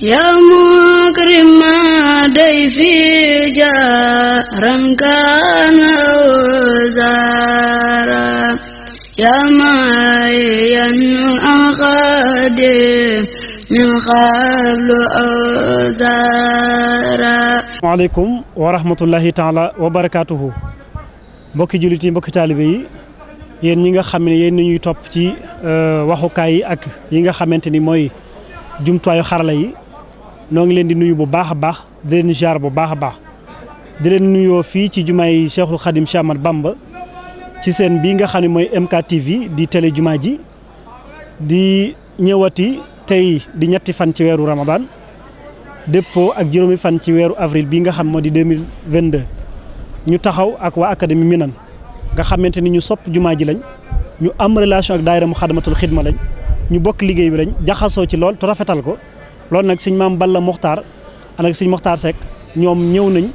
يا مكرم ضيفي جارا كان وزارا يا مايا أخادم من قبل أزارا waaleykum wa rahmatullahi taala wa barakaatuhu mbokki jullit mbokki taalibe yi yéen ñi nga xam ne yéen ñuy topp ci euh, waxukaay yi ak yi nga xamante ni mooy jumtuwaayu xarala yi noo ngi leen di nuyu bu baax a baax di leen jaar bu baax a baax di leen nuyoo fii ci jumaay yi Khadim Cheikh Ahmadou Bamba ci seen bii nga xam ne mooy MKTV di télé jumaa ji di ñëwati tey di ñetti fan ci weeru Ramadan dëppoo ak juróomi fan ci weeru avril bii nga xam moo di 2022 ñu taxaw ak waa académie Minan nga xamante ni ñu sopp jumaa ji lañ ñu am relation ak daayira mu xadamatul xidma lañ ñu bokk liggéey bi lañ jaxasoo ci lool te rafetal ko loolu nag sëñ maam Balla Mokhtar ak sëñ Mokhtar Seck ñoom ñëw nañ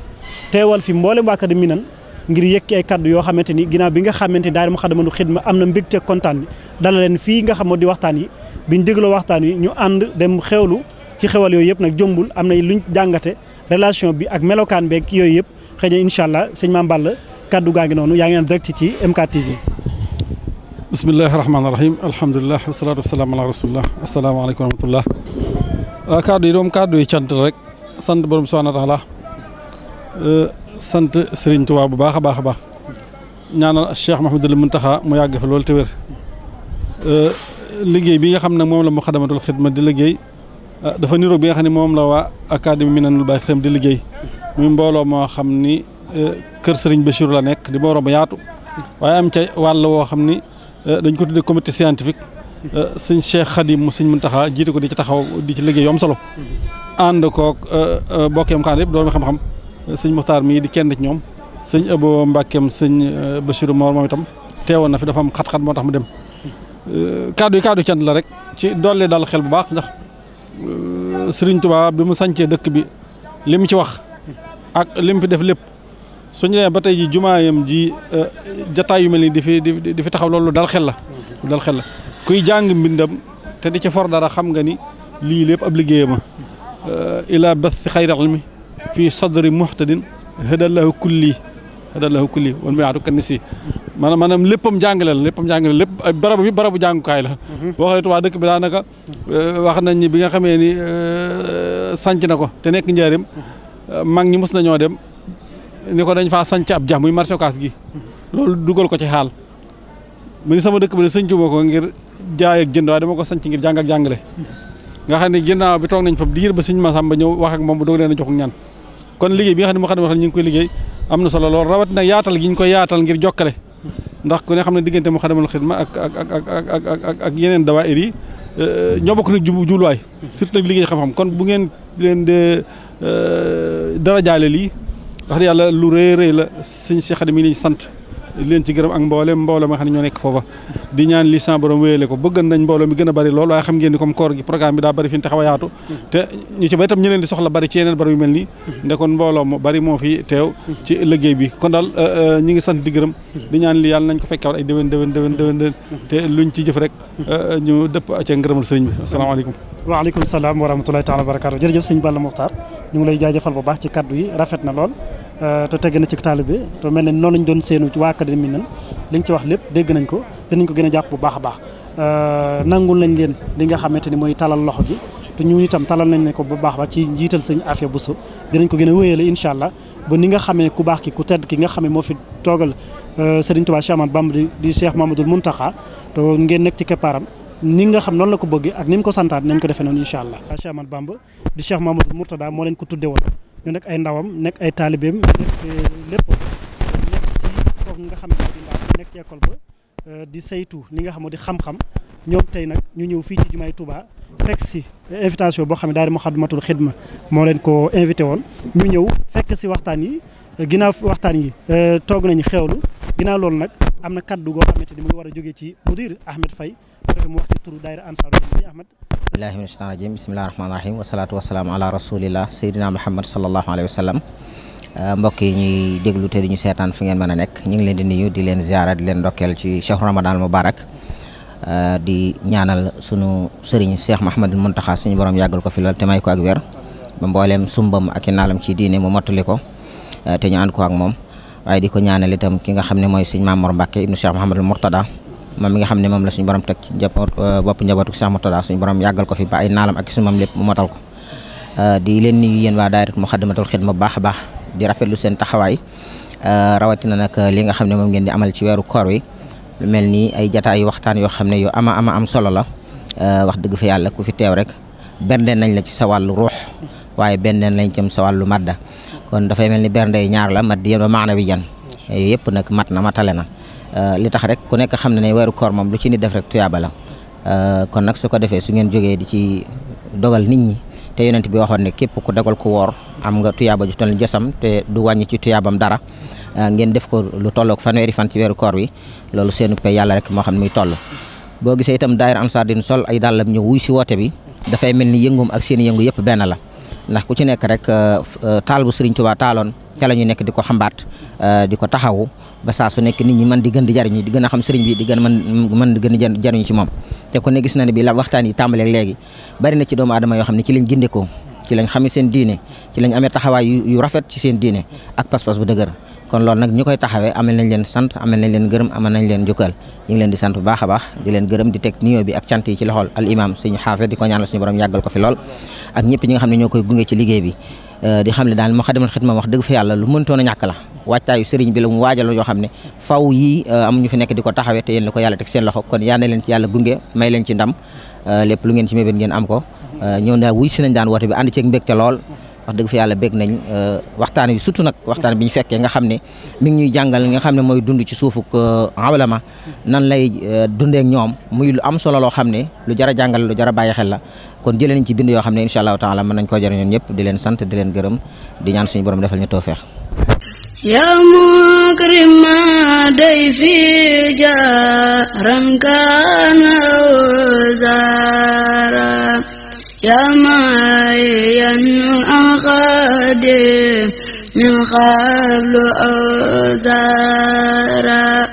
teewal fi mboolem waa Académie Minane ngir yëkki ay kaddu yoo xamante ni ginnaaw bi nga xamante ni daayira Moukhaddamatoul Khidma am na mbégte kontaan bi leen fii nga xam di waxtaan yi biñ dégloo waxtaan wi ñu ànd dem xewlu ci xewal yooyu yëpp nag jombul am na ñu jàngate relation bi ak melokaan beeg yooyu yëpp xëy na incha allah sëñ maam Balla kaddu gaa ngi noonu yaa ngi naan direct ci MKTV. bismillahi rahmaani rahim alhamdulilah wasalaatu wasalaam ala rasulillah asalaamaaleykum wa rahmatullah waaw kàddu yi doom kàddu yi cant rek sant borom subhaanahu wa taala euh, sant sëriñ Touba bu baax a baax a baax ñaanal Cheikh Mouhamadul Mountakha mu yàgg fa loolu te euh, liggéey bi nga xam ne moom la Moukhaddamatoul Khidma di liggéey euh, dafa niroog bi nga xam ne moom la waa mi académie Minanul Baaqil Qadiim di liggéey muy mbooloo moo xam ni kër Serigne Bachir la nekk di mbooloo bu yaatu waaye am ca wàll la woo xam ni dañ ko tuddee comité scientifique. Euh, sëñ Cheikh Khadim mu sëñ taxa jiite ko di ci taxaw di ci liggéey yu solo ànd koog euh, euh, bokkeem kaan yëpp doon xam-xam sëñ Muxtaar mii di kenn ci ñoom sëñ Abo Mbàkkeem sëñ Bachirou Mor moom itam teewoon na fi dafa am xat-xat moo tax mu dem kaddu yi kaddu cant la rek ci doole dal xel bu baax ndax Sëriñ tubaa bi mu sañcee dëkk bi li mu ci wax ak li mu fi def lépp suñu nee ba tey ji jumaayam ji jataay yu mel ni di fi di fi taxaw loolu dal xel la dal xel la kuy jàng mbindam te di ci for dara xam nga ni lii lépp ab liggéeyama euh, ila bathi xayri ilmi fii sadri muhtadin hadallahu kulli hadallahu kulli wan miyaatu kannisi maanaam maanaam léppam jàngale la léppam jàngale lépp barab bi barabu jàngukaay la mhm. boo xoolee Tuubaa dëkk bi daanaka euh, wax nañ ni bi nga xamee ni euh, sanc na ko te nekk njaarim mag ñi mos nañoo dem ni ko dañ faa sanc ab jax muy marché gi mhm. loolu dugal ko ci xaal mu ni sama dëkk bi de sëñ ko ngir jaay ak jënd waaye dama ko sanc ngir jàng ak jàngale nga xam ne ginnaaw bi toog nañ fa diir ba sëñ ba ñëw wax ak moom bu doog leen a jox ñaan kon liggéey bi xam ne moo ngi koy liggéey am na solo lool rawat nag yaatal gi ñu koy yaatal ngir jokkale ndax ku ne xam ne diggante mu xadamal xidma ak ak ak ak ak ak yeneen dawaayir yi euh, ñoo bokk nag jubluwaay surtout nag liggéey xam-xam kon bu ngeen leen de euh, dara jaale lii wax yàlla lu rëy rëy la sëñ si xadim yi lañ sant di leen ci gërëm ak mboole mboole ma xam ne ñoo nekk foofa di ñaan li sa borom wéyale ko bëgg nañ mbooloo mi gën a bari lool waaye xam ngeen ni comme koor gi programme bi daa bari fi ñu taxaw a yaatu te ñu leen di soxla bari ci yeneen bari yu mel nii nde kon bari moo fi teew ci liggéey kon daal euh, euh, ñi ngi sant di gërëm di ñaan li yàlla nañ ko fekkawal ay déwén déwén déwén déwén déwén te ci jëf rek euh, ñu dëpp ca ngërëmal sëriñ bi asalaamaaleykum waaleykum salaam wa rahmatulahi taala wa barakatu jërëjëf sëñ Balla Muxtaar ñu ngi lay jaajëfal bu baax ci kaddu yi rafet lool Euh, te tegg na ci taalibe te mel ne noonu lañ doon seenu ci waa académie nan liñ ci wax lépp dégg nañ ko dinañ ko gën a jàpp bu baax a baax euh, nangul nañ leen li nga xamante ni mooy talal loxo gi te ñun itam talal nañ ne ko bu baax ba ci njiital sëñ Afia Bousso dinañ ko gën a wéyale incha allah ba ni nga xamee ku baax ki ku tedd ki nga xamee moo fi toogal euh, Serigne Touba Cheikh Ahmadou Bamba di Cheikh Mamadou Mountakha te ngeen nekk ci keppaaram ni nga xam noonu la ko bëggee ak ni mu ko ko defee noonu incha allah Cheikh Ahmadou Bamba di Cheikh Mamadou Mourtada moo leen ko woon ñu nekk ay ndawam nekk ay taalibeem nekk eh, lépp nekk ci kooku nga xam ne di ndaw nekk ci école ba eh, di saytu li nga xam di xam-xam ñoom tey nag ñu ñëw fii ci jumaay tubaa fekk si invitation boo xam ne daal di Moukhaddamatoul Khidma moo leen ko invité woon ñu ñëw fekk si waxtaan yi eh, ginnaaw waxtaan yi toog nañu xewlu ginnaaw loolu nag am na kaddu goo xamante ni mu ngi war a jógee ci mudir Ahmed Faye mu wax ci turu daayira Ansaarud Din Ahmed billahi min shaitan rajim bismillahi rahmaani rahim wasalaatu wasalaamu ala rasulillah sayyidina muhammad sallallahu alayhi wa sallam uh, mbokk yi ñuy déglu te duñu seetaan fu ngeen mën a nekk ñu ngi leen di nuyu di leen ziara di leen ndokkeel ci shahru ramadan mubarak uh, di ñaanal sunu sëriñ cheikh mahamadul muntaxa suñu borom yàggal ko fi lool te may ko ak wér ba mbooleem sumbam ak naalam ci diine mu mottali ko uh, te ñu ànd ko ak moom waaye di ko ñaanal itam ki nga xam ne mooy suñ Maam Mor Mbàkke ibnu cheikh mahamadul moom mi nga xamne mom la suñu borom tek ci eh, bopp njabootu Cheikh Mourtada suñu borom yagal ko fi ba ay nalam ak sumam lepp mu matal ko eh, di len nuyu yeen wa daayira Muxaddamatul Xidma bu bax a di rafetlu euh rawati eh, rawatina nak li nga xamne mom ngeen di amal ci wéru koor wi lu melni ay jataayu waxtaan yoo xam ne ama ama am solo la wax deug fa yalla ku fi tew rek bernde nañ la ci sa walu ruh waye benneen lañ ci sa walu madda kon da fay melni bernde ñaar la maddi yeen maana wi yan yooyu nak matna matalena Euh, li tax rek ku nekk xam ne ne weeru koor moom lu ci nit def rek tuyaaba la euh, kon nag su ko defee su ngeen jógee di ci dogal nit ñi te yonent bi waxoon ne képp ku dogal ku woor am nga tuyaaba ju toll josam te du wàññi ci tuyaabam dara euh, ngeen def ko lu tollook fanweeri fan ci weeru koor wi loolu seenu pay yàlla rek moo xam ne muy toll boo gisee itam daayira Ansaar Din sol ay dàllam ñëw wuy si woote bi dafay mel ni yëngum ak seen yëngu yëpp benn la ndax ku ci nekk rek euh, euh, taal bu Serigne Touba taaloon ca la ñu nekk di ko xambaat euh, di ko taxawu ba saa su nekk nit ñi mën di gën di jariñ di gën a xam Serigne bi di gën a mën mën di gën di jariñu ci moom te ku ne gis na ne bi la waxtaan yi tàmbaleeg léegi bari na ci doomu aadama yoo xam ne ci lañ gindekoo ci lañ xamee seen diine ci lañ amee taxawaay yu rafet ci seen diine ak pas-pas bu dëgër kon loolu nag ñi koy taxawee amal nañ leen sant amal nañ leen gërëm amal nañ leen jukkal ñu leen di sant bu a di leen gërëm di teg nuyoo bi ak cant ci loxol al imam suñu xaafe koy gunge ci liggéey bi euh, di xam ne daal Moukhaddamatoul Khidma wax dëgg fa yàlla lu mëntoon a ñàkk la waajtaayu sëriñ bi la mu waajal euh, ci yàlla gunge may leen ci ndam euh, lépp lu ngeen ci mébét ngeen am ko ñëw naa wuy si nañ daan woote bi ànd ceeg mbégte lool wax deug fa yalla bég nañ euh, waxtaan wi surtout nak waxtaan biñu fekke nga xamne mi ngi ñuy jangal nga xamne moy dund ci suufuk euh, awlama nan lay euh, dundé ak ñom muy lu am solo lo xamne lu jara jangal lu jara baye xel la kon jëlee nañ ci bind yo xamne inshallah taala mën nañ ko koo ñun ñëpp di leen sante di leen gërëm di ñaan suñu borom defal ñu ya يا مكرم day fi jaram kana وزار يا معي أخادي من قبل أزارا